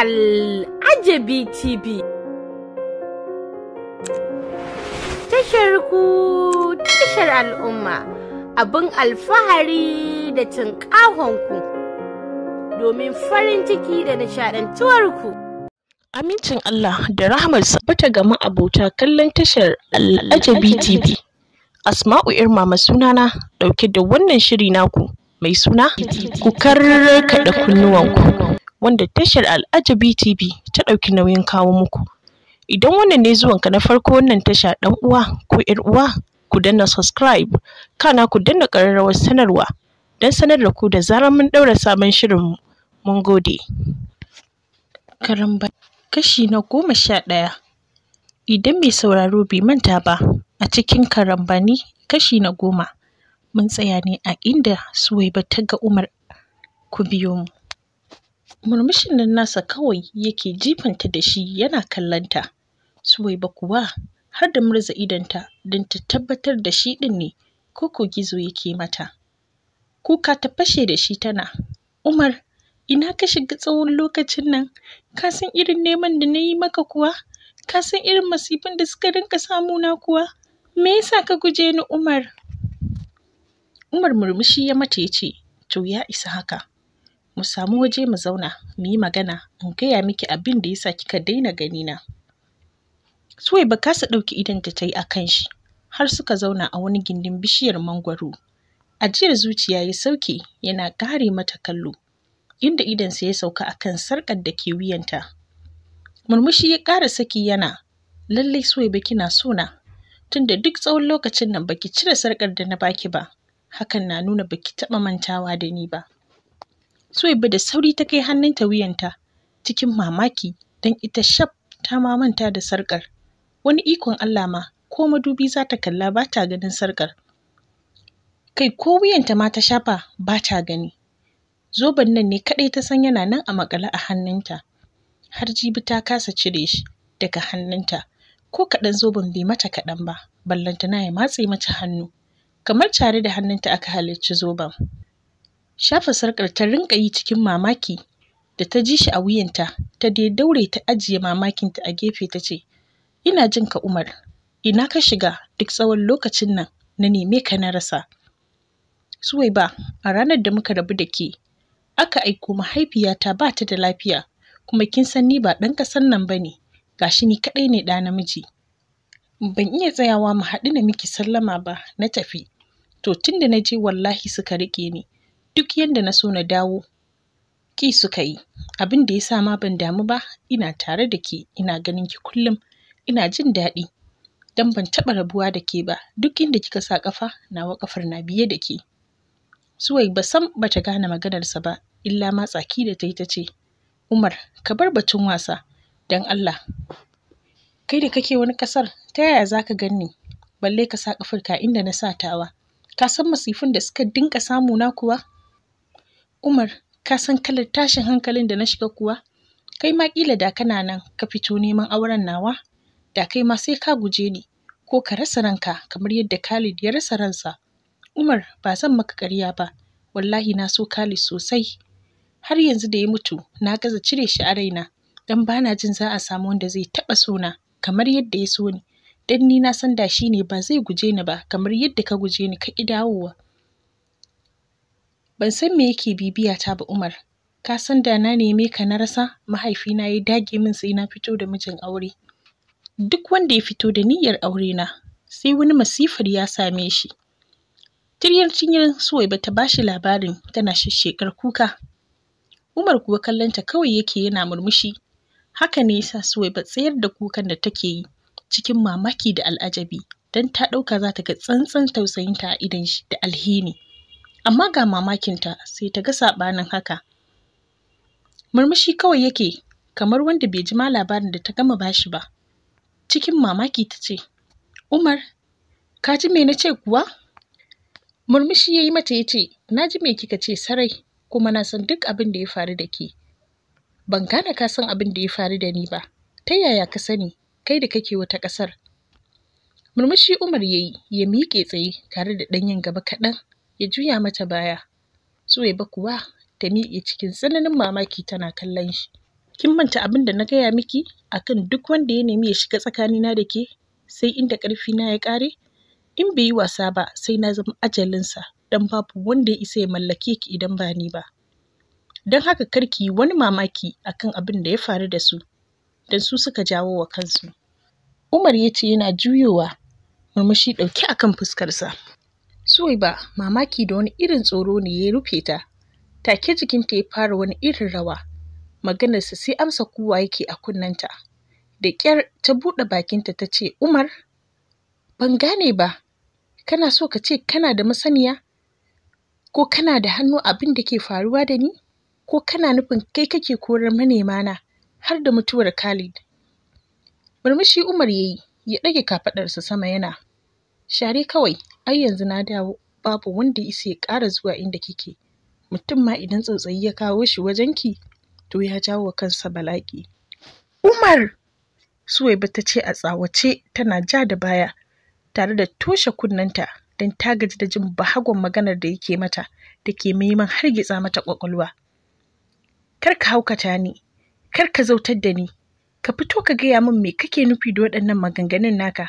Al'ajabi TV. Tashar ku tashar al'umma abin alfahari da cin ku domin farin ciki da ku. Amincin Allah da rahmar bata gama abota kallon tashar Al'ajabi TV. Asma'u Irma sunana dauke da wannan shiri naku mai suna ku karkaɗa kunnuwanku. wanda tashar Al'ajabi TV ta ɗauki nauyin kawo muku. Idan wannan ne zuwanka na farko wannan tasha ɗan uwa ko ‘yar uwa ku danna subscribe kana ku danna ƙararrawar sanarwa don sanar da ku da zarar mun ɗaura sabon shirin mun gode. Karamba kashi na goma sha ɗaya idan mai sauraro bai manta ba a cikin karambani kashi na goma mun tsaya ne a inda Suwaiba ta ga Umar ku biyo mu. murmushin nan nasa kawai yake jifanta da shi yana kallonta suwaiba kuwa har da murza ta don ta tabbatar da shi ɗin ne ko gizo yake mata kuka ta fashe da shi tana umar ina ka shiga tsawon lokacin nan ka san irin neman da na yi maka kuwa ka san irin masifin da suka rinka na kuwa me yasa ka guje ni umar umar murmushi ya mata ya ce to ya isa haka mu samu waje mu zauna mu yi magana in gaya miki abin da yasa kika daina gani na Suwaiba kasa ɗauki idanta ta yi a kan shi har suka zauna a wani gindin bishiyar mangwaro ajiyar zuciya ya sauke yana ƙare mata kallo inda idonsa ya sauka a kan sarƙar da ke wuyanta murmushi ya ƙara saki yana lallai Suwaiba kina sona tunda duk tsawon lokacin nan baki cire sarƙar da na baki ba hakan na nuna baki taɓa mantawa da ni ba Suwaiba da sauri ta kai hannunta wuyanta cikin mamaki don ita shaf ta ma manta da sarƙar. Wani ikon Allah ma ko madubi za ta kalla ba ta ganin sarƙar. Kai ko wuyanta ma ta shafa ba ta gani. Zoben nan ne kaɗai ta san yana nan a maƙale a hannunta. Har jibi ta kasa cire shi daga hannunta. Ko kaɗan zoben bai mata kaɗan ba, ballantana ya matse mata hannu. Kamar tare da hannunta aka halicci zoben. shafa sarƙar ta rinƙa yi cikin mamaki da ta ji shi a wuyanta ta dai daure ta ajiye mamakinta a gefe ta ce ina jin ka umar ina ka shiga duk tsawon lokacin nan na neme ka na rasa suwai ba a ranar da muka rabu da ke aka aiko mahaifiyata ba ta da lafiya kuma kin san ni ba ɗan ƙasan nan ba ne gashi ni kaɗai ne da namiji ban iya tsayawa mu haɗu na miki sallama ba na tafi to tun da na je wallahi suka riƙe ni duk yadda na so na dawo ki suka yi abin da ya sa ma ban damu ba ina tare da ke ina ganin ki kullum ina jin daɗi don ban taɓa rabuwa da ke ba duk inda kika sa ƙafa nawa ƙafar na biye da ke suwai ba sam ba ta gane maganarsa ba illa ma tsaki da ta yi ta ce umar ka bar batun wasa don allah kai da kake wani ƙasar ta yaya za ka ganni balle ka sa ƙafar ka inda na sa tawa ka san masifin da suka dinka samu na kuwa Umar ka san kalar tashin hankalin da na shiga kuwa kai ma ƙila da kana nan ka fito neman auren nawa da kai ma sai ka guje ni ko ka rasa ranka kamar yadda Khalid ya rasa ransa Umar ba zan maka ƙarya ba wallahi na so Khalid sosai har yanzu da ya mutu na gaza cire shi a raina dan bana jin za a samu wanda zai taɓa sona kamar yadda ya so ni dan ni na san da shi ne ba zai guje ni ba kamar yadda ka guje ni ka ƙi dawowa Ban san me yake bibiya ta ba Umar. Ka san da na neme ka na rasa mahaifina ya dage min sai na fito da mijin aure. Duk wanda ya fito da niyyar aure na sai wani masifar ya same shi. Tiryar cinyar Suwaiba ta bashi labarin tana shisshekar kuka. Umar kuwa kallonta kawai yake yana murmushi. Haka ne yasa Suwaiba tsayar da kukan da take yi cikin mamaki da al'ajabi don ta ɗauka za ta ga tsantsan tausayinta a idon shi da alheri. amma ga mamakinta sai ta ga saɓanin haka murmushi kawai yake kamar wanda bai jima labarin da ta gama bashi ba cikin mamaki ta ce umar ka ji me na ce kuwa murmushi ya yi mata ya ce na ji me kika ce sarai kuma na san duk abin da ya faru da ke ban gane ka san abin da ya faru da ni ba ta yaya ka sani kai da kake wata ƙasar murmushi umar ya yi ya miƙe tsaye tare da ɗanyen gaba kaɗan ya juya mata baya Suwaiba kuwa ta miƙe cikin tsananin mamaki tana kallon shi kin manta abin da na gaya miki akan duk wanda ya nemi ya shiga tsakanina da ke sai inda ƙarfi na ya ƙare in bai yi wasa ba sai na zama ajalinsa don babu wanda ya isa ya mallake ki idan ba ni ba don haka kar ki yi wani mamaki akan abin da ya faru da su don su suka jawo wa kansu Umar ya ce yana juyowa murmushi ɗauke akan fuskarsa ba mamaki da wani irin tsoro ne ya rufe ta. Take jikinta ya fara wani irin rawa. Maganarsa sai amsa kowa yake a kunnenta. Da ƙyar ta buɗe bakinta ta ce, Umar, ban gane ba, kana so ka ce kana da masaniya? Ko kana da hannu abin da ke faruwa da ni? Ko kana nufin kai kake korar manema na har da mutuwar Khalid? Murmushi Umar ya yi, ya ɗage kafaɗarsa sama yana. Share kawai, ai yanzu na dawo babu wanda isa ya ƙara zuwa inda kike mutum ma idan tsautsayi ya kawo shi wajenki to ya jawo wa kansa bala'i umar suwaiba ta ce a tsawace tana ja da baya tare da toshe kunnenta don ta gaji da jin bahagon maganar da yake mata da ke neman hargitsa mata kwakwalwa kar ka haukata ni kar ka zautar da ni ka fito ka gaya min me kake nufi da waɗannan maganganun naka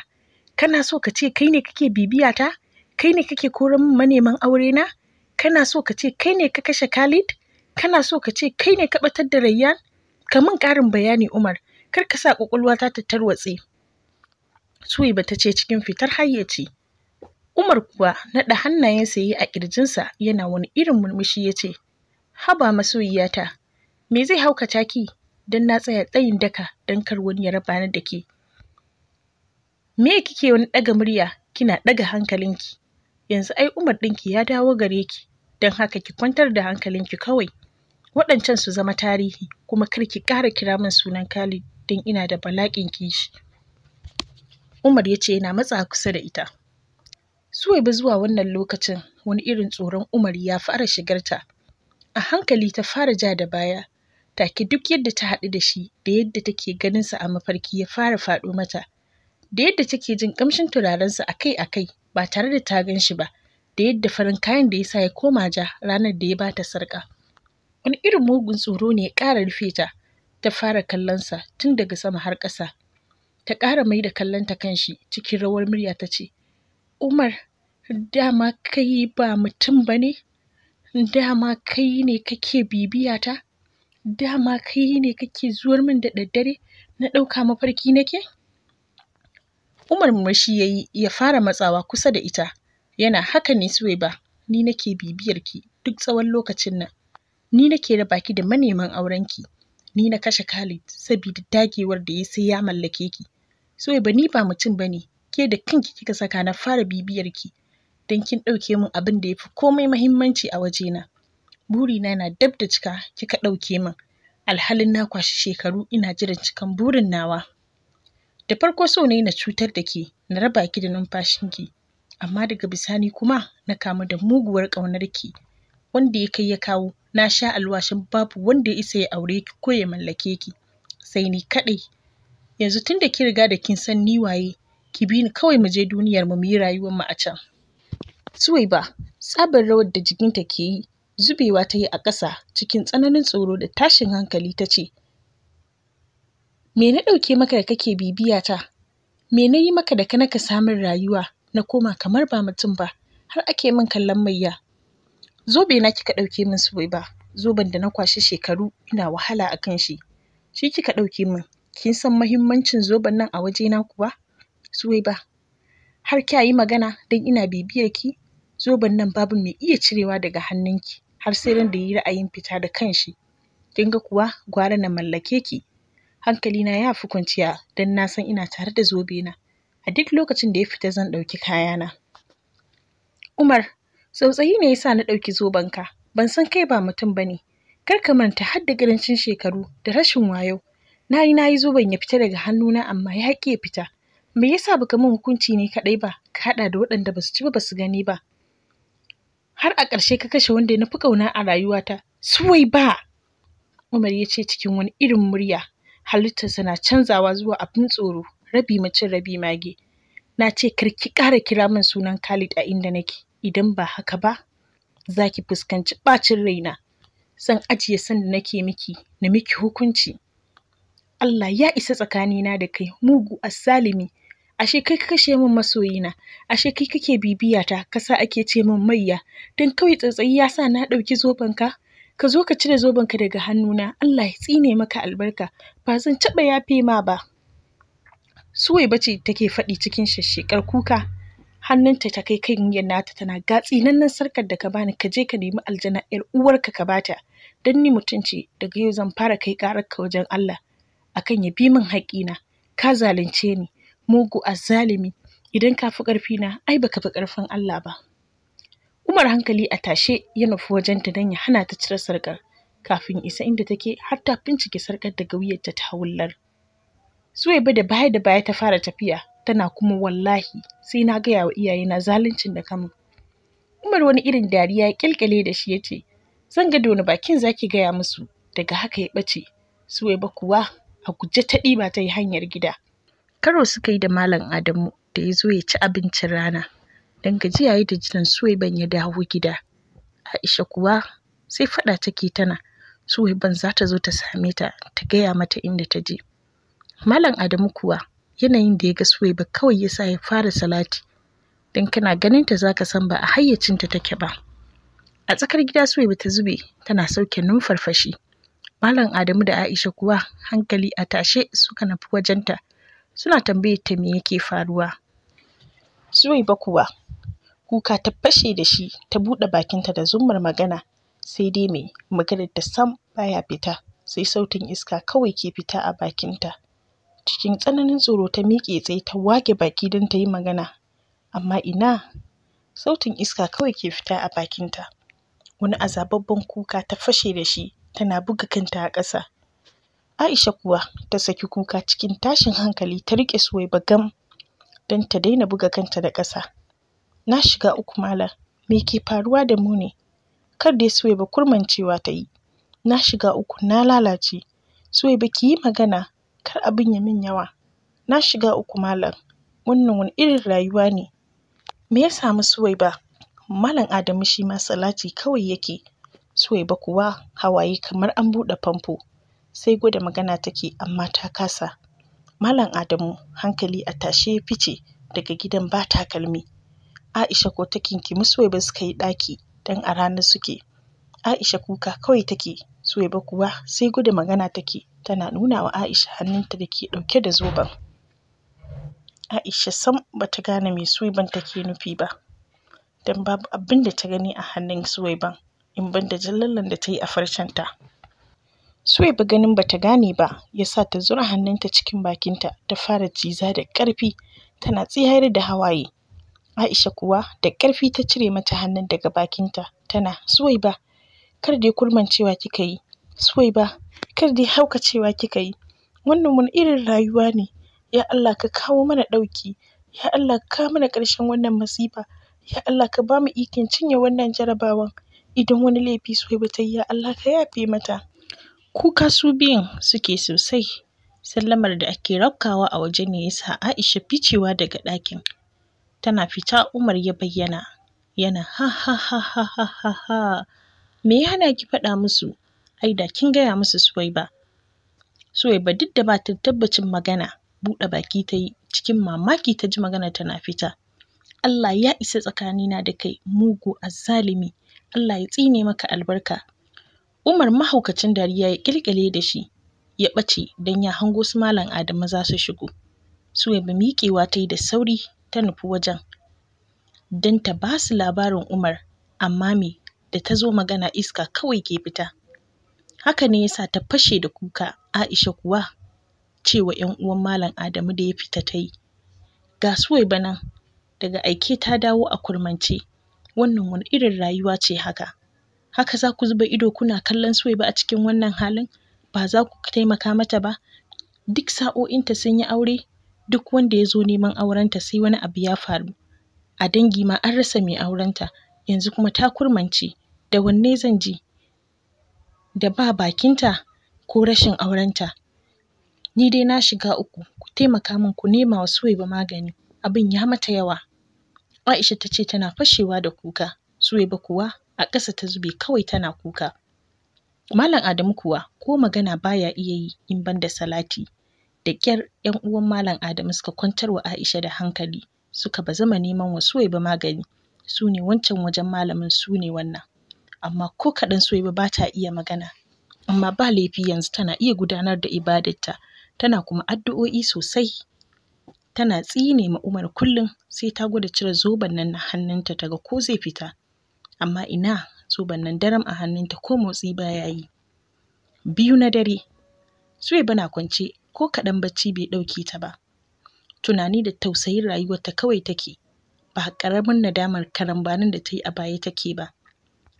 kana so ka ce kai ne kake bibiya ta kai ne kake koran min maneman aure na kana so ka ce kai ne ka kashe Khalid kana so ka ce kai ne ka batar da Rayyan ka min ƙarin bayani Umar kar ka sa ƙwaƙwalwata ta tarwatse Suwaiba ta ce cikin fitar hayyaci Umar kuwa naɗa hannayensa yi a ƙirjinsa yana wani irin murmushi ya ce haba masoyiyata me zai haukata ki don na tsaya tsayin daka don kar wani ya raba ni da ke me kike wani ɗaga murya kina ɗaga hankalinki yanzu ai umar ɗinki ya dawo gare ki don haka ki kwantar da hankalinki kawai waɗancan su zama tarihi kuma kar ki ƙara kira min sunan Khalid don ina da bala'in kishi Umar ya ce yana matsa kusa da ita Suwaiba zuwa wannan lokacin wani irin tsoron Umar ya fara shigarta a hankali ta fara ja da baya take duk yadda ta haɗu da shi da yadda take ganinsa a mafarki ya fara faɗo mata da yadda take jin ƙamshin turarensa akai-akai ba tare da ta gan shi ba da yadda farin kayan da ya sa ya koma ja ranar da ya ba ta sarƙa. Wani irin mugun tsoro ne ya ƙara rufe ta, ta fara kallonsa tun daga sama har ƙasa. Ta ƙara mai da kallonta kan shi cikin rawar murya ta ce, Umar, dama kai ba mutum ba ne? Dama kai ne kake bibiya ta? Dama kai ne kake zuwar min da daddare na ɗauka mafarki nake? Umar murmushi ya yi ya fara matsawa kusa da ita. Yana haka ne Suwaiba, ni nake bibiyar ki duk tsawon lokacin nan. Ni nake raba ki da maneman aurenki. Ni na kashe Khalid saboda dagewar da ya sai ya mallake ki. Suwaiba ni ba mutum ba ne. ke da kanki kika saka na fara bibiyar ki. Don kin ɗauke min abin da ya fi komai mahimmanci a wajena. Burina na dab da cika kika ɗauke min. Alhalin na kwashi shekaru ina jiran cikan burin nawa. da farko so ne na cutar da ke na raba ki da numfashinki amma daga bisani kuma na kamu da muguwar ƙaunar ki. wanda ya kai ya kawo na sha alwashin babu wanda ya isa ya aure ki ko ya mallake ki sai ni kaɗai yanzu tun da ki riga da kin san ni waye ki bi ni kawai mu je duniyar mu yi rayuwar mu a can Suwaiba tsabar rawar da jikinta ke yi zubewa ta yi a ƙasa cikin tsananin tsoro da tashin hankali ta ce me na ɗauke maka da kake bibiya ta me na yi maka da ka naka samun rayuwa na koma kamar ba mutum ba har ake min kallon mayya zobe na kika ɗauke min su ba zoben da na kwashi shekaru ina wahala a kan shi shi kika ɗauke min kin san mahimmancin zoben nan a wajena kuwa Suwaiba, har kya yi magana don ina bibiyar ki zoben nan babu mai iya cirewa daga hannunki har sai ran da yi ra'ayin fita da kanshi kin ga kuwa gwara na mallake ki Hankali na ya fi kwanciya don na san ina tare da zobe na. a duk lokacin da ya fita zan ɗauki kayana umar tsautsayi ne yasa na ɗauki zobenka ban san kai ba mutum ba ne kar ka manta har da ƙarancin shekaru da rashin wayo na yi na yi zoben ya fita daga hannuna amma ya ƙi ya fita me yasa baka min hukunci ne kaɗai ba ka haɗa da waɗanda ba su ci ba su gani ba har a ƙarshe ka kashe wanda na fi ƙauna a rayuwata suwai ba Umar ya ce cikin wani irin murya halittarsa na canzawa zuwa abin tsoro rabi mace rabi mage na ce ki ƙara kira min sunan Khalid a inda nake idan ba haka ba za ki fuskanci ɓacin raina zan ajiye sanda nake miki na miki hukunci Allah ya isa tsakanina da kai mugu asalimi ashe kai ka kashe min masoyina ashe kai kake bibiyata kasa ake ce min mayya don kawai tsatsayi ya sa na ɗauki zobenka ka zo ka cire zobenka daga hannuna Allah ya tsine maka albarka ba zan taɓa yafe ma ba suwai bace take faɗi cikin shashshekar kuka hannunta ta kai kan wuyan nata tana gatsi nan nan sarkar da ka bani ka je ka nemi aljana yar uwarka ka bata dan ni mutunci daga yau zan fara kai karar ka wajen Allah akan ya bi min na, ka zalunce ni mugu azzalimi idan ka fi ƙarfina ai baka fi ƙarfin Allah ba Umar hankali a tashe ya nufi wajenta don ya hana ta cire sarƙar. Kafin isa inda take har ta bincike sarƙar daga wuyarta ta hawullar. Suwaiba da baya da baya ta fara tafiya tana kuma wallahi sai na gaya wa iyayena zaluncin da kamun. Umar wani irin dariya ya kyalkyale da shi ya ce, Zan ga da bakin zaki gaya musu daga haka ya ɓace. Suwaiba kuwa a guje ta ɗiba ta yi hanyar gida. Karo suka yi da Malam Adamu da ya zo ya ci abincin rana. don gajiya da jiran Suwaiban ya dawo gida. Aisha kuwa sai faɗa take tana Suwaiban za ta zo ta same ta ta gaya mata inda ta je. Malam Adamu kuwa yanayin da ya ga Suwaiba kawai ya sa ya fara salati don kana ganin ta zaka san ba a hayyacin ta take ba. A tsakar gida Suwaiba ta zube tana sauke numfarfashi. Malam Adamu da Aisha kuwa hankali a tashe suka nufi wajenta suna tambayar ta me yake faruwa. Suwaiba kuwa kuka ta fashe da shi ta buɗe bakinta da zummar magana sai dai mai maganar ta sam baya fita sai sautin iska kawai ke fita a bakinta cikin tsananin tsoro ta miƙe tsaye ta wage baki don ta yi magana amma ina sautin iska kawai ke fita a bakinta wani azababban kuka ta fashe da shi tana buga kanta a ƙasa Aisha kuwa ta saki kuka cikin tashin hankali ta riƙe Suwaiba gam don ta daina buga kanta da ƙasa. Na shiga uku malam, me ke faruwa da mu ne? Kar dai Suwaiba kurmancewa ta yi. Na shiga uku na lalace. Suwaiba ki yi magana, kar abin ya min yawa. Na shiga uku malam, wannan wani irin rayuwa ne? Me ya samu Suwaiba? Malam Adamu shi ma salati kawai yake. Suwaiba kuwa hawaye kamar an buɗe famfo. Sai gwada magana take amma ta kasa. Malam Adamu hankali a tashe ya fice daga gidan ba takalmi. Aisha ko ta kinkimi Suwaiba suka yi ɗaki don a ranar suke. Aisha kuka kawai take, Suwaiba kuwa sai gudu magana take tana nuna wa Aisha hannunta da ke ɗauke da zoben. Aisha sam ba ta gane me Suwaiban take nufi ba, don babu abin da ta gani a hannun Suwaiban in ban da jallallen da ta yi a farcenta. Suwaiba ganin bata gane ba yasa ta zura hannunta cikin bakinta ta fara ciza da ƙarfi tana tsiyayar da hawaye. Aisha kuwa da ƙarfi ta cire mata hannun daga bakinta tana Suwaiba kar dai cewa kika yi, Suwaiba kar dai haukacewa kika yi, wannan wani irin rayuwa ne, ya Allah ka kawo mana ɗauki, ya Allah ka kawo mana ƙarshen wannan masifa, ya Allah ka bamu ikon cinye wannan jarabawan, idan wani laifi Suwaiba ta yi ya Allah ka yafe mata. Kuka su biyun suke sosai. Sallamar da ake raukawa a waje ne ya sa Aisha ficewa daga ɗakin. Tana fita Umar ya bayyana. Yana ha ha ha ha Me ya hana ki faɗa musu? Ai da kin gaya musu Suwaiba. Suwaiba duk da ba ta tabbacin magana buɗe baki ta yi cikin mamaki ta ji magana tana fita. Allah ya isa tsakanina da kai mugu azzalimi. Allah ya tsine maka albarka Umar mahaukacin dariya ya ƙirƙire da shi ya ɓace don ya hango su Malam Adamu za su shigo. Suwaiba miƙewa ta yi da sauri ta nufi wajen don ta ba su labarin Umar amma me da ta zo magana iska kawai ke fita. Haka ne ya sa ta fashe da kuka Aisha kuwa cewa ‘yan uwan Malam Adamu da ya fita ta yi. Ga Suwaiba nan daga aike ta dawo a kurmance wannan wani irin rayuwa ce haka? haka za ku zuba ido kuna kallon Suwaiba a cikin wannan halin ba za ku taimaka mata ba duk sa'o'inta sun yi aure duk wanda ya zo neman aurenta sai wani abu ya faru a dangi ma an rasa mai aurenta yanzu kuma ta kurmance da wanne zan ji da ba bakinta ko rashin aurenta ni dai na shiga uku ku taimaka min ku nema wa Suwaiba magani abin ya mata yawa Aisha ta ce tana fashewa da kuka Suwaiba kuwa a ƙasa ta zube kawai tana kuka. Malam Adamu kuwa ko magana baya iya yi in ban da salati. Da ƙyar ‘yan uwan Malam Adamu suka kwantar wa Aisha da hankali suka ba zama neman wa Suwaiba magani. Su ne wancan wajen malamin su ne wannan. Amma ko kaɗan Suwaiba ba ta iya magana. Amma ba laifi yanzu tana iya gudanar da ibadarta tana kuma addu'o'i sosai. Tana tsine ma Umar kullum sai ta gwada cire zoben nan na hannunta ta ga ko zai fita. amma ina zoben nan daram a hannunta ko motsi baya yi biyu na dare Suwaiba na kwance ko kaɗan bacci bai ɗauke ta ba tunani da tausayin rayuwarta kawai take ba ƙaramin nadamar karambanin da ta yi a baya take ba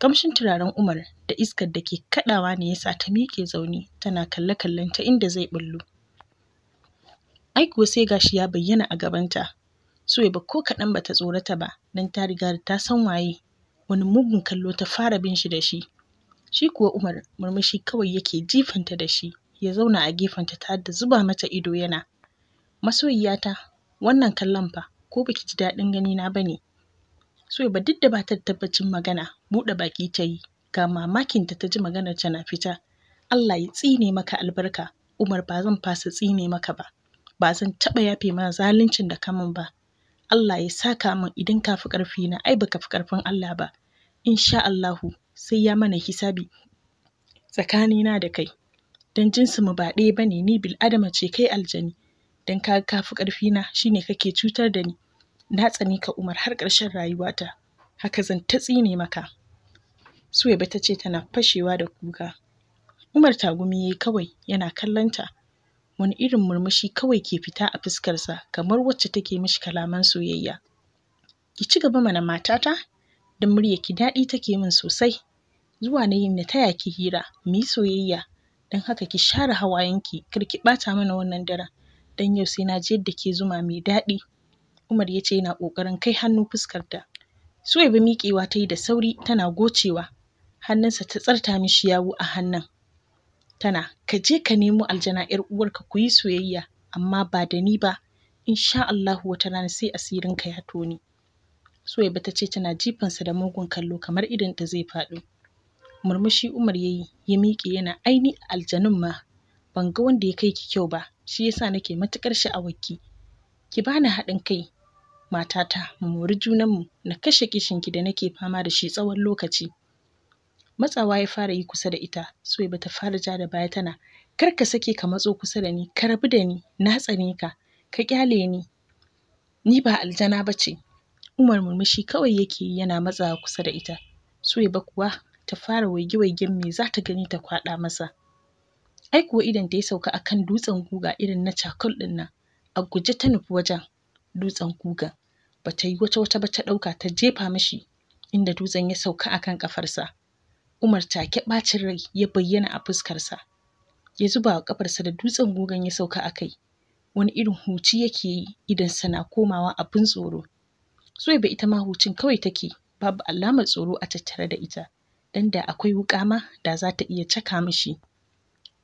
Kamshin turaren umar da iskar da ke kaɗawa ne ya sa ta miƙe zaune tana kalle-kallen ta inda zai ɓullo ai kuwa sai gashi ya bayyana a gabanta Suwaiba ko kaɗan bata tsorata ba don ta riga da ta san waye wani mugun kallo ta fara bin shi da shi shi kuwa umar murmushi kawai yake jifanta da shi ya zauna a gefen ta da zuba mata ido yana masoyiyata wannan kallon fa ko baki ji daɗin ganina ba ne so ba duk da ba ta tabbacin magana buɗe baki ta yi ga mamakin ta ji maganar ta na fita Allah ya tsine maka albarka Umar ba zan fasa tsine maka ba ba zan taɓa yafe mana zaluncin da kamun ba Allah ya saka min idan ka fi ƙarfi na ai baka fi ƙarfin Allah ba insha Allahu sai ya mana hisabi tsakanina da kai don mu ba ɗaya bane ni bil adama ce kai aljani don ka ka fi ƙarfina shine kake cutar da ni na tsani ka Umar har ƙarshen rayuwata haka zan ta tsine maka Suwaiba ta ce tana fashewa da kuka Umar ta tagumi yayi kawai yana kallonta wani irin murmushi kawai ke fita a fuskarsa kamar wacce take mishi kalaman soyayya ki ci gaba mana matata don muryarki daɗi take min sosai zuwa na yin na taya ki hira mu yi soyayya don haka ki share hawayenki kar ki ɓata mana wannan daren don yau sai na ji yadda ke zuma mai daɗi Umar ya ce yana ƙoƙarin kai hannu fuskar fuskarta Suwaiba miƙewa ta yi da sauri tana gocewa hannunsa ta tsarta mishi yawu a hannun tana ka je ka nemo aljana yar uwarka ku yi soyayya amma ba da ni ba insha Allahu wata rana sai asirin ka ya toni Suwaiba ta ce tana jifansa da mugun kallo kamar idan ta zai faɗo. Murmushi Umar ya yi, ya miƙe yana aini aljanun ma, ban ga wanda ya kai ki kyau ba, shi yasa nake matuƙar sha'awarki. Ki bani haɗin kai, matata, mu mori junanmu, na kashe ki da nake fama da shi tsawon lokaci. Matsawa ya fara yi kusa da ita, Suwaiba ta fara ja da baya tana, kar ka sake ka matso kusa da ni, ka rabu da ni, na tsane ka, ka ƙyale ni, ni ba aljana ba ce, Umar murmushi kawai yake yi yana matsawa kusa da ita. Suwaiba kuwa ta fara waige-waigen me za ta gani ta kwaɗa masa. Ai kuwa idan ta ya sauka a kan dutsen guga irin na cakul ɗin nan. A guje ta nufi wajen dutsen gugan. Ba ta yi wata-wata ba ta ɗauka ta jefa mashi. inda dutsen ya sauka a kan ƙafarsa. Umar take ɓacin rai ya bayyana a fuskarsa. Ya zuba wa ƙafarsa da dutsen gugan ya sauka a kai. Wani irin huci yake yi idonsa na komawa abin tsoro. Suwaiba ita ma hucin kawai take babu alamar tsoro a tattare da ita dan da akwai wuƙa ma da za ta iya caka mishi.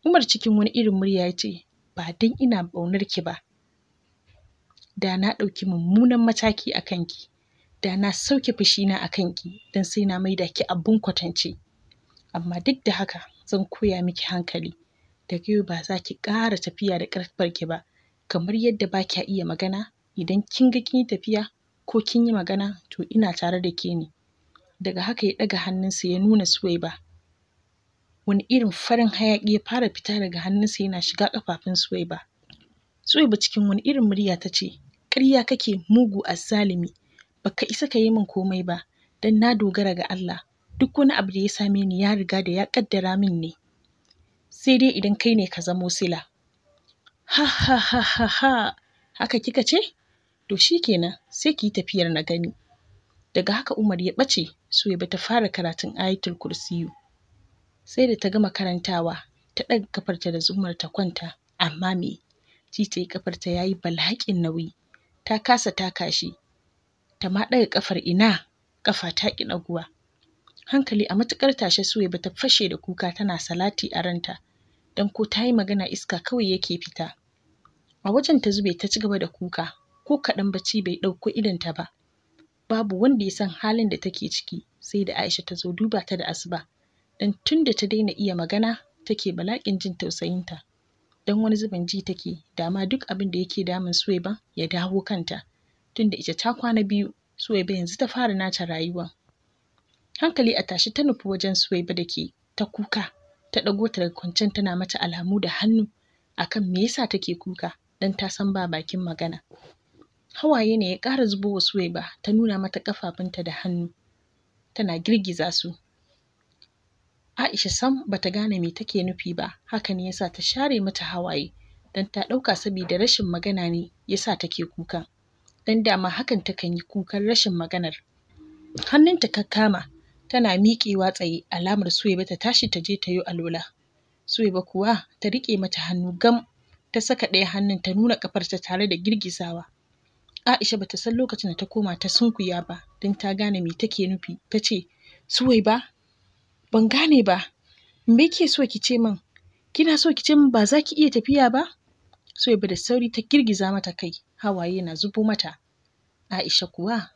Umar cikin wani irin murya ya ce ba dan ina ƙaunar ki ba da na ɗauki mummunan mataki a kanki da na sauke fushina a kanki dan sai na maida ki abin kwatance amma duk da haka zan koya miki hankali daga yau ba za ki ƙara tafiya da ƙarfarki ba kamar yadda ba kya iya magana idan kin ga kin yi tafiya ko kin yi magana to ina tare da ke ne daga haka ya ɗaga hannunsa ya nuna Suwaiba wani irin farin hayaƙi ya fara fita daga hannunsa yana shiga ƙafafun Suwaiba Suwaiba cikin wani irin murya ta ce ƙarya kake mugu ba baka isa ka yi min komai ba don na dogara ga Allah duk wani abu da ya same ni ya riga da ya ƙaddara min ne sai dai idan kai ne ka zamo sila ha ha ha ha ha haka kika ce to shi kenan sai ki yi tafiyar na gani daga haka umar ya ɓace suwaiba ta fara karatun ayatul kursiyu sai da ta gama karantawa ta ɗaga ƙafarta da zumar ta kwanta amma me ji ta yi kafarta ya yi balhaƙin nauyi ta kasa taka shi ta ma ɗaga ƙafar ina ƙafa ta ƙi ɗaguwa hankali a matuƙar tashe suwaiba ta fashe da kuka tana salati a ranta don ko ta yi magana iska kawai yake fita a wajen ta zube ta ci gaba da kuka ko kaɗan bacci bai ɗauko ta ba babu wanda ya san halin da take ciki sai da Aisha ta zo duba ta da asuba dan tunda ta daina iya magana take balaƙin jin tausayinta don wani zuban ji take dama duk abin da yake damun Suwaiba ya dawo kanta tunda ita ta kwana biyu Suwaiba yanzu ta fara nata rayuwa hankali a tashe ta nufi wajen Suwaiba da ke ta kuka ta ɗago ta daga kwancen tana mata alamu da hannu akan me yasa take kuka dan ta san ba bakin magana hawaye ne ya ƙara zubo wa Suwaiba ta nuna mata ƙafafunta da hannu tana girgiza su Aisha sam bata gane me take nufi ba haka ne yasa ta share mata hawaye don ta ɗauka saboda rashin magana ne yasa take kuka dan dama hakan takan yi kukan rashin maganar hannunta ka kama tana miƙewa tsaye alamar Suwaiba ta tashi ta je ta yi alola Suwaiba kuwa ta riƙe mata hannu gam ta saka ɗaya hannun ta nuna ƙafarta tare da girgizawa Aisha bata san lokacin da ta koma ta sunkuya ba don ta gane me take nufi ta ce Suwaiba ban gane ba me ke so ki ce min kina so ki ce min ba za ki iya tafiya ba Suwaiba da sauri ta girgiza mata kai hawaye na zubo mata Aisha kuwa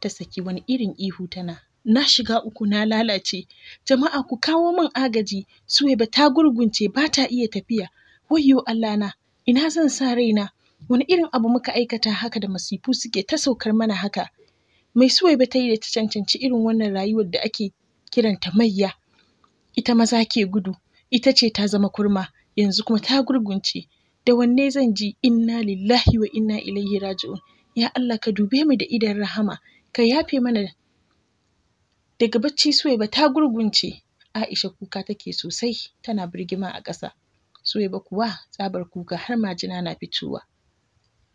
ta saki wani irin ihu tana na shiga uku na lalace jama'a ku kawo min agaji Suwaiba ta gurgunce ba ta iya tafiya wayyo Allah na ina zan sa raina wani irin abu muka aikata haka da masifu suke ta saukar mana haka mai suwaiba ta yi da ta cancanci irin wannan rayuwar da ake kiranta mayya ita maza ke gudu ita ce ta zama kurma yanzu kuma ta gurgunce da wanne zan ji inna lillahi wa inna ilaihi raji'un ya Allah ka dube mu da idan rahama ka yafe mana daga bacci suwaiba ta gurgunce Aisha kuka take sosai tana birgima a ƙasa suwai ba kuwa tsabar kuka har majina na fitowa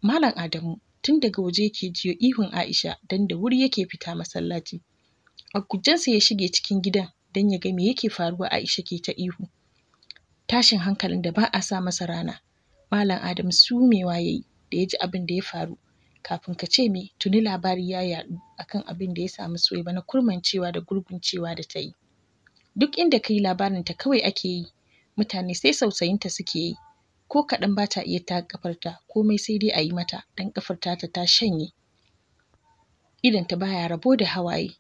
Malam Adamu tun daga waje yake jiyo ihun Aisha don da wuri yake fita masallaci. A gujensa ya shige cikin gidan don ya ga me yake faruwa Aisha ke ta ihu. Tashin hankalin da ba a sa masa rana. Malam Adamu sumewa ya yi da ya ji abin da ya faru. Kafin ka ce me tuni labari ya yaɗu akan abin da ya samu Suwaiba na kurmancewa da gurguncewa da ta yi. Duk inda ka yi ta kawai ake yi, mutane sai sausayinta suke yi. ko kaɗan ba ta iya ta ƙafarta komai sai dai a yi mata don ƙafarta ta ta shanye idanta baya rabo da hawaye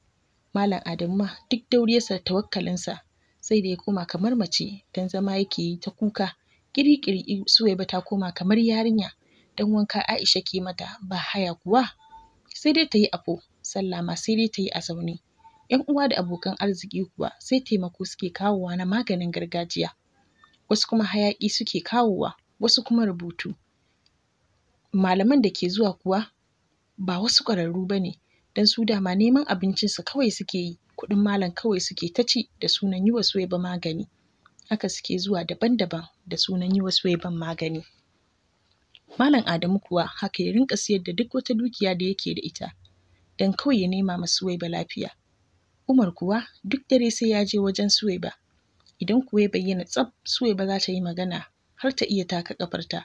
malam adamu ma duk dauriyarsa tawakkalinsa sai da ya koma kamar mace don zama yake yi ta kuka kirikiri suwaiba ta koma kamar yarinya don wanka aisha ke mata ba haya kuwa sai dai ta yi afo sallah ma sai dai ta yi a zaune yan uwa da abokan arziki kuwa sai taimako suke kawowa na maganin gargajiya wasu kuma hayaƙi suke kawowa wasu kuma rubutu malaman da ke zuwa kuwa ba wasu ƙwararru ba ne don su dama neman abincinsu kawai suke yi kuɗin malam kawai suke ta ci da sunan yi wa suwaiba magani haka suke zuwa daban-daban da sunan yi wa suwaiban magani malam adamu kuwa haka ya rinka siyar da duk wata dukiya da yake da ita don kawai ya nema ma suwaiba lafiya umar kuwa duk dare sai ya je wajen suwaiba idan kuwa ya bayyana tsaf Suwaiba za ta yi magana har ta iya taka ƙafarta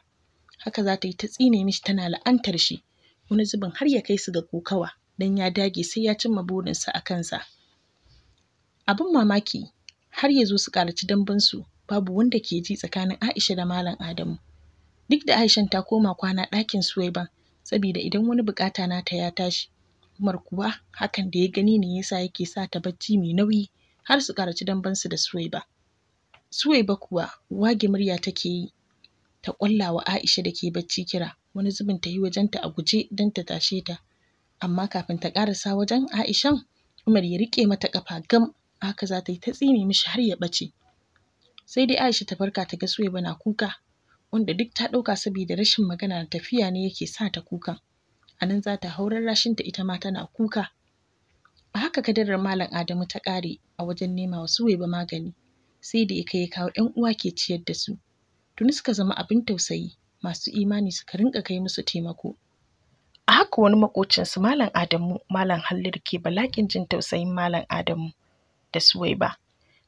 haka za ta yi ta tsine mishi tana la'antar shi wani zubin har ya kai su ga kokawa don ya dage sai ya cimma burinsa a kansa abin mamaki har ya zo su ƙaraci dambansu babu wanda ke ji tsakanin Aisha da Malam Adamu duk da Aishan ta koma kwana ɗakin Suwaiban sabida idan wani bukata nata ya tashi Umar kuwa hakan da ya gani ne yasa yake sa ta bacci mai nauyi har su ƙaraci dambansu da Suwaiba. Suwaiba kuwa wage murya take yi ta ƙwalla wa Aisha da ke bacci kira wani zubin ta yi wajenta a guje don ta tashe ta amma kafin ta ƙarasa wajen Aishan Umar ya riƙe mata ƙafa gam haka za ta yi ta tsine mishi har ya ɓace sai dai Aisha ta farka ta ga Suwaiba na kuka wanda duk ta ɗauka saboda rashin magana da tafiya ne yake sa ta kuka, a nan za ta haurar ta ita ma tana kuka a haka kadarar Malam Adamu ta ƙare a wajen nema wa Suwaiba magani sai da ya kai ya kawo 'yan uwa ke ciyar da su tuni suka zama abin tausayi masu imani suka rinka kai musu taimako a haka wani makocinsu malam adamu malam Hallir ke balakin jin tausayin malam adamu da suwaiba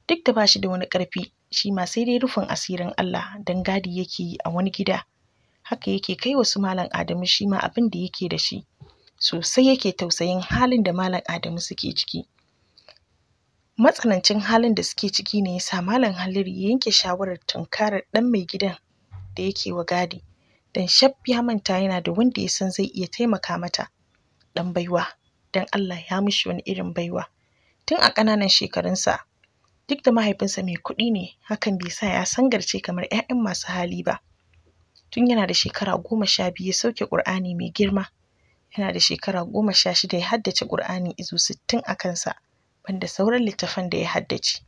duk da ba shi da wani ƙarfi shi ma sai dai rufin asirin Allah don gadi yake yi a wani gida haka yake kai wasu malam Adamu shi ma abin da yake da shi sosai yake tausayin halin da malam Adamu suke ciki matsanancin halin da suke ciki ne yasa malam Haliru ya yanke shawarar tunkarar ɗan mai gidan da yake wa gadi don shaf manta yana da wanda ya san zai iya taimaka mata ɗan baiwa don Allah ya mishi wani irin baiwa tun a ƙananan shekarunsa duk da mahaifinsa mai kuɗi ne hakan bai sa ya san sangarce kamar 'ya'yan masu hali ba tun yana da shekara goma sha biyu ya sauke ƙur'ani mai girma yana da shekara goma sha shida ya haddace ƙur'ani izu sittin a kansa banda sauran littafan da ya haddace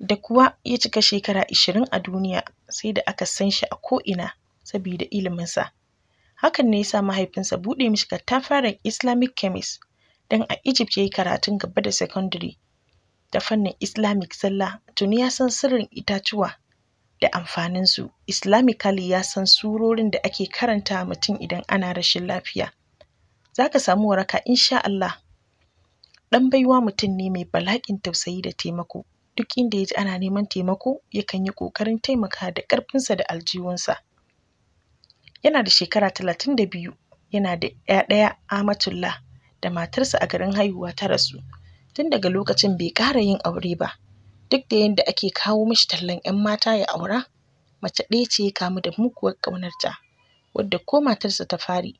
da kuwa ya cika shekara ashirin a duniya sai da aka san shi a ko'ina sabida iliminsa hakan ne ya sa mahaifinsa buɗe mishi katafaren islamic chemist don a egypt ya yi karatun gaba da secondary da fannin islamic sallah. tuni ya san sirrin itatuwa da amfaninsu islamically ya san surorin da ake karanta mutum idan ana rashin lafiya za ka samu waraka insha Allah Ɗan baiwa mutum ne mai bala'in tausayi da taimako. Duk inda ya ji ana neman taimako yakan yi ƙoƙarin taimaka da ƙarfinsa da aljihunsa. Yana da shekara talatin da biyu yana da ‘ya ɗaya Amatullah da matarsa a garin haihuwa ta rasu. Tun daga lokacin bai ƙara yin aure ba. Duk da yadda ake kawo mishi tallan ‘yan mata ya aura, mace ɗaya ce ya kamu da muguwar ƙaunarta, wadda ko matarsa ta fari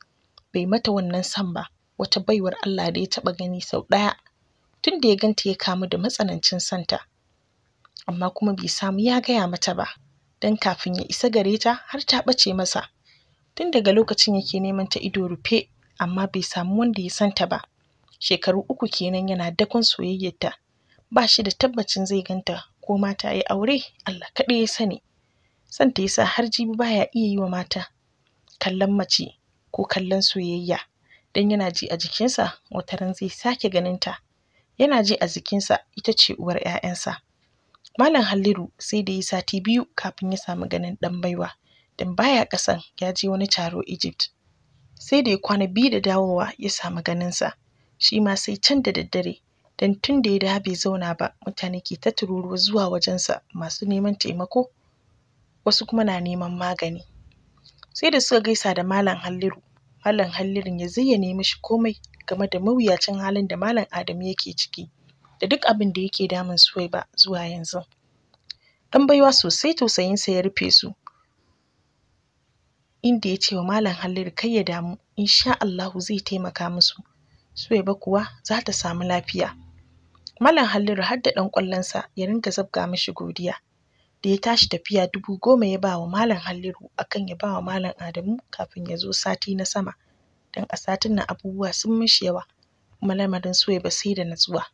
bai mata wannan son ba, wata baiwar Allah da ya taɓa gani sau ɗaya tun da ya ganta ya kamu da matsanancin santa amma kuma bai samu ya gaya mata ba don kafin ya isa gare ta har ta ɓace masa tun daga lokacin yake neman ta ido rufe amma bai samu wanda ya santa ba shekaru uku kenan yana dakon soyayyarta ba shi da tabbacin zai ganta ko mata ta yi aure Allah kaɗai ya sani santa sa har jibi baya iya yi wa mata kallon mace ko kallon soyayya don yana ji a jikinsa wataran zai sake ganin ta yana ji a jikinsa ita ce uwar 'ya'yansa. Malam Haliru sai da yi sati biyu kafin ya samu ganin ɗan baiwa don baya ƙasan ya je wani taro Egypt. Sai da ya kwana biyu da dawowa ya samu ganinsa shi ma sai can da daddare don tun da ya da bai zauna ba mutane ke ta tururuwa zuwa wajensa masu neman taimako wasu kuma na neman magani. Sai da suka gaisa da Malam Haliru. Malam Halliru ya zayyane mishi komai game da mawuyacin halin da Malam Adamu yake ciki da duk abin da yake damun Suwaiba zuwa yanzu. Ɗan baiwa sosai tausayinsa ya rufe su inda ya ce wa Malam Halliru kar ya damu insha Allahu zai taimaka musu. Suwaiba kuwa za ta samu lafiya. Malam Halliru har da ɗan ƙwallonsa ya ringa zabga mishi godiya. da ya tashi tafiya dubu goma ya ba wa Malam Halliru akan ya ba wa Malam Adamu kafin ya zo sati na sama. Don a satin nan abubuwa sun mishi yawa kuma lamarin Suwaiba sai da natsuwa.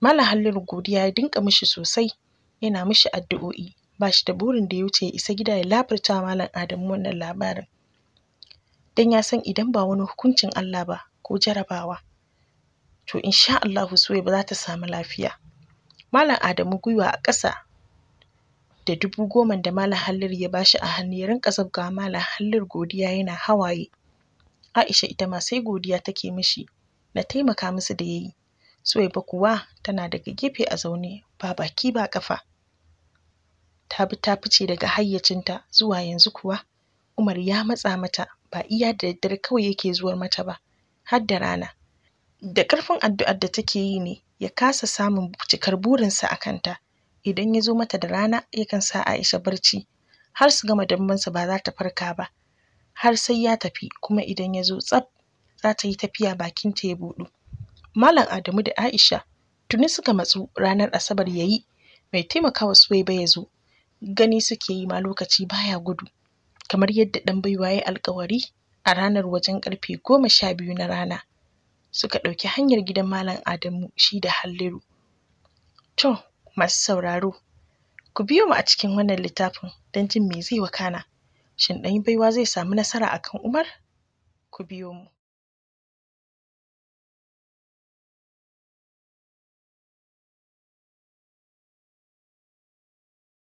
Malam Halliru godiya ya dinka mishi sosai yana mishi addu'o'i ba shi da burin da ya wuce ya isa gida ya labarta Malam Adamu wannan labarin. Don ya san idan ba wani hukuncin Allah ba ko jarabawa to insha Allahu ba za ta samu lafiya. Malam Adamu gwiwa a ƙasa da dubu goman da Malam Halliru ya bashi a hannu ya rinka zabgawa Malam Halliru godiya yana hawaye. Aisha ita ma sai godiya take mishi na taimaka musu da yayi. Suwaiba kuwa tana daga gefe a zaune ba baki ba ƙafa. Ta bi ta fice daga hayyacinta zuwa yanzu kuwa Umar ya matsa mata ba iya da daddare kawai yake zuwar mata ba har da rana. Da ƙarfin addu'ar da take yi ne ya kasa samun cikar burinsa a kanta. idan ya zo mata da rana yakan sa Aisha barci har su gama dambansa ba za ta farka ba har sai ya tafi kuma idan ya zo tsaf za ta yi tafiya bakin ta ya buɗu Malam Adamu da Aisha tuni suka matsu ranar Asabar ya yi mai taimakawa Suwaiba ya zo gani suke yi ma lokaci baya gudu kamar yadda ɗan baiwa ya alkawari a ranar wajen ƙarfe goma sha biyu na rana suka ɗauki hanyar gidan Malam Adamu shi da Halliru. To, masu sauraro ku biyo mu a cikin wannan littafin don jin me zai wakana shin ɗan baiwa zai samu nasara akan Umar ku biyo mu